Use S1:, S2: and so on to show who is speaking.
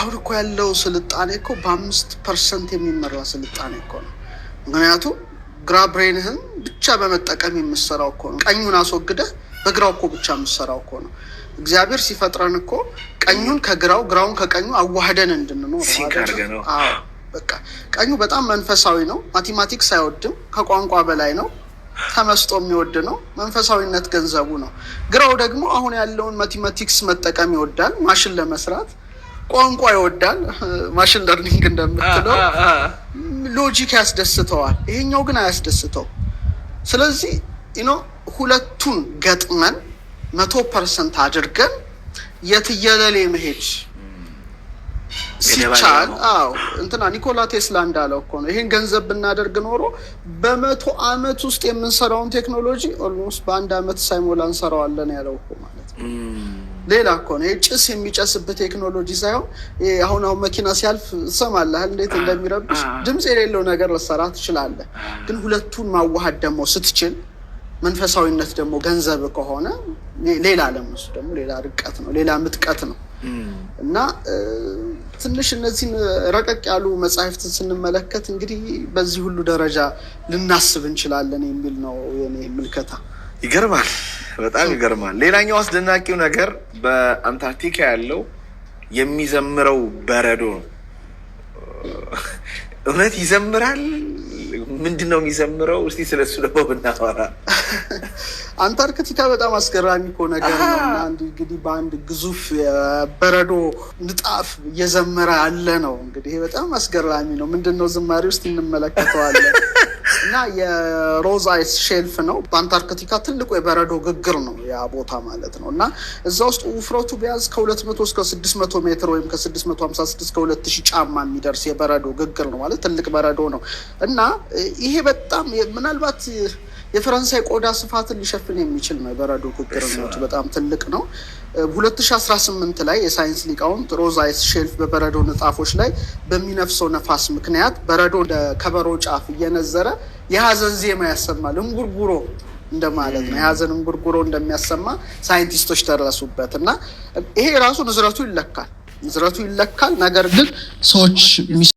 S1: አሁን እኮ ያለው ስልጣኔ እኮ በአምስት ፐርሰንት የሚመራ ስልጣኔ እኮ ነው። ምክንያቱም ግራ ብሬንህን ብቻ በመጠቀም የምሰራው እኮ ነው። ቀኙን አስወግደህ በግራው እኮ ብቻ የምሰራው እኮ ነው። እግዚአብሔር ሲፈጥረን እኮ ቀኙን ከግራው ግራውን ከቀኙ አዋህደን እንድንኖር በቃ ቀኙ በጣም መንፈሳዊ ነው። ማቴማቲክስ አይወድም። ከቋንቋ በላይ ነው። ተመስጦ የሚወድ ነው። መንፈሳዊነት ገንዘቡ ነው። ግራው ደግሞ አሁን ያለውን ማቴማቲክስ መጠቀም ይወዳል ማሽን ለመስራት ቋንቋ ይወዳል። ማሽን ለርኒንግ
S2: እንደምትለው
S1: ሎጂክ ያስደስተዋል፣ ይሄኛው ግን አያስደስተው። ስለዚህ ኖ ሁለቱን ገጥመን መቶ ፐርሰንት አድርገን የትየለሌ መሄድ ሲቻል አዎ እንትና ኒኮላ ቴስላ እንዳለው እኮ ነው። ይህን ገንዘብ ብናደርግ ኖሮ በመቶ አመት ውስጥ የምንሰራውን ቴክኖሎጂ ኦልሞስት በአንድ አመት ሳይሞላ እንሰራዋለን ያለው እኮ ማለት ነው። ሌላ እኮ ነው ጭስ የሚጨስበት ቴክኖሎጂ ሳይሆን አሁን አሁን መኪና ሲያልፍ ሰማለህ እንዴት እንደሚረብሽ ድምፅ የሌለው ነገር ልትሰራ ትችላለህ። ግን ሁለቱን ማዋሃድ ደግሞ ስትችል መንፈሳዊነት ደግሞ ገንዘብ ከሆነ ሌላ ዓለም ደግሞ ሌላ ርቀት ነው፣ ሌላ ምጥቀት ነው እና ትንሽ እነዚህን ረቀቅ ያሉ መጽሐፍትን ስንመለከት እንግዲህ በዚህ ሁሉ ደረጃ ልናስብ እንችላለን የሚል ነው የኔ ምልከታ።
S2: ይገርማል፣ በጣም ይገርማል። ሌላኛው አስደናቂው ነገር በአንታርክቲካ ያለው የሚዘምረው በረዶ ነው። እውነት ይዘምራል። ምንድን ነው የሚዘምረው? እስቲ ስለሱ ደግሞ ብናወራ።
S1: አንታርክቲካ በጣም አስገራሚ እኮ ነገር ነው። እና እንግዲህ በአንድ ግዙፍ የበረዶ ንጣፍ እየዘመረ አለ ነው። እንግዲህ በጣም አስገራሚ ነው። ምንድን ነው ዝማሬ ውስጥ እንመለከተዋለን። እና የሮዝ አይስ ሼልፍ ነው። በአንታርክቲካ ትልቁ የበረዶ ግግር ነው ያ ቦታ ማለት ነው። እና እዛ ውስጥ ውፍረቱ ቢያዝ ከ200 እስከ 600 ሜትር ወይም ከ656 እስከ 2000 ጫማ የሚደርስ የበረዶ ግግር ነው ማለት ትልቅ በረዶ ነው። እና ይሄ በጣም ምናልባት የፈረንሳይ ቆዳ ስፋትን ሊሸፍን የሚችል ነው። የበረዶ ግግርነቱ በጣም ትልቅ ነው። 2018 ላይ የሳይንስ ሊቃውንት ሮዝ አይስ ሼልፍ በበረዶ ንጣፎች ላይ በሚነፍሰው ነፋስ ምክንያት በረዶ እንደ ከበሮ ጫፍ እየነዘረ የሀዘን ዜማ ያሰማል። እንጉርጉሮ እንደማለት ነው። የሀዘን እንጉርጉሮ እንደሚያሰማ ሳይንቲስቶች ደረሱበት እና ይሄ ራሱ ንዝረቱ ይለካል፣ ንዝረቱ ይለካል። ነገር ግን ሰዎች